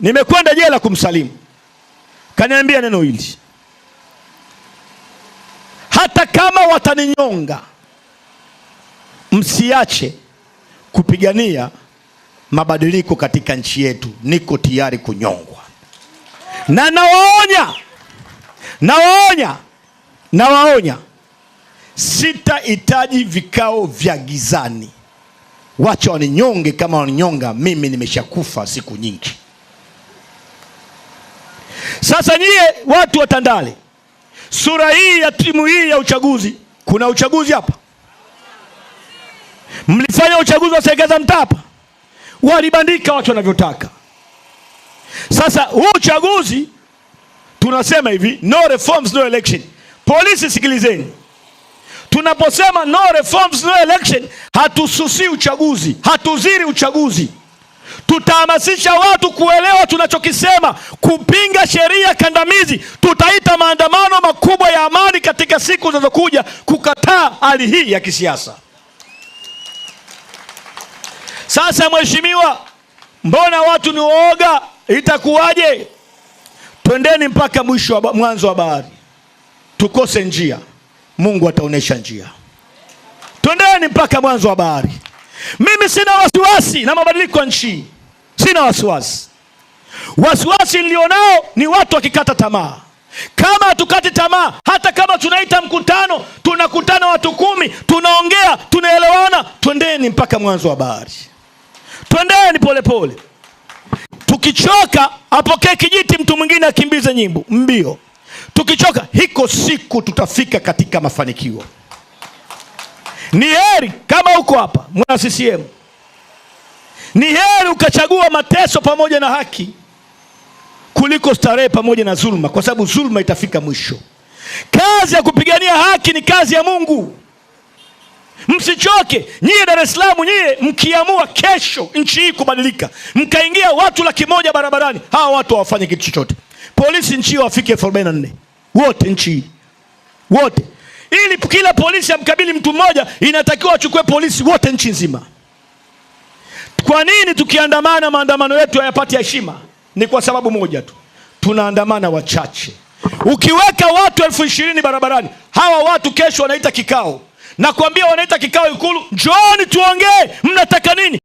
Nimekwenda jela kumsalimu, kaniambia neno hili, hata kama wataninyonga, msiache kupigania mabadiliko katika nchi yetu. Niko tayari kunyongwa, na nawaonya, nawaonya, nawaonya, sitahitaji vikao vya gizani. Wacha waninyonge, kama waninyonga mimi, nimeshakufa siku nyingi. Sasa nyie watu wa Tandale, sura hii ya timu hii ya uchaguzi, kuna uchaguzi hapa? Mlifanya uchaguzi wa Segeza Mtapa, hapa, walibandika watu wanavyotaka. Sasa huu uchaguzi tunasema hivi, no reforms no election. Polisi, sikilizeni, tunaposema no reforms no election, hatususi uchaguzi, hatuziri uchaguzi tutahamasisha watu kuelewa tunachokisema, kupinga sheria kandamizi. Tutaita maandamano makubwa ya amani katika siku zinazokuja kukataa hali hii ya kisiasa. Sasa mheshimiwa, mbona watu ni waoga? Itakuwaje? Twendeni mpaka mwisho wa mwanzo wa bahari. Tukose njia, Mungu ataonyesha njia. Twendeni mpaka mwanzo wa bahari. Mimi sina wasiwasi na mabadiliko ya nchi sina wasiwasi. Wasiwasi nilionao ni watu wakikata tamaa. Kama hatukati tamaa, hata kama tunaita mkutano, tunakutana watu kumi, tunaongea, tunaelewana, twendeni mpaka mwanzo wa bahari, twendeni polepole. Tukichoka apokee kijiti, mtu mwingine akimbize nyimbo mbio. Tukichoka hiko siku tutafika katika mafanikio. Ni heri kama uko hapa mwana CCM ni heri ukachagua mateso pamoja na haki kuliko starehe pamoja na zulma, kwa sababu zulma itafika mwisho. Kazi ya kupigania haki ni kazi ya Mungu. Msichoke nyie, Dar es Salaam nyie, mkiamua kesho nchi hii kubadilika, mkaingia watu laki moja barabarani, hawa watu hawafanye kitu chochote. Polisi nchi hii wafike elfu arobaini na nne wote, nchi hii wote, ili kila polisi amkabili mtu mmoja, inatakiwa achukue polisi wote nchi nzima. Kwa nini tukiandamana maandamano yetu hayapati heshima? Ni kwa sababu moja tu, tunaandamana wachache. Ukiweka watu elfu ishirini barabarani, hawa watu kesho wanaita kikao, nakwambia wanaita kikao Ikulu, njooni tuongee, mnataka nini?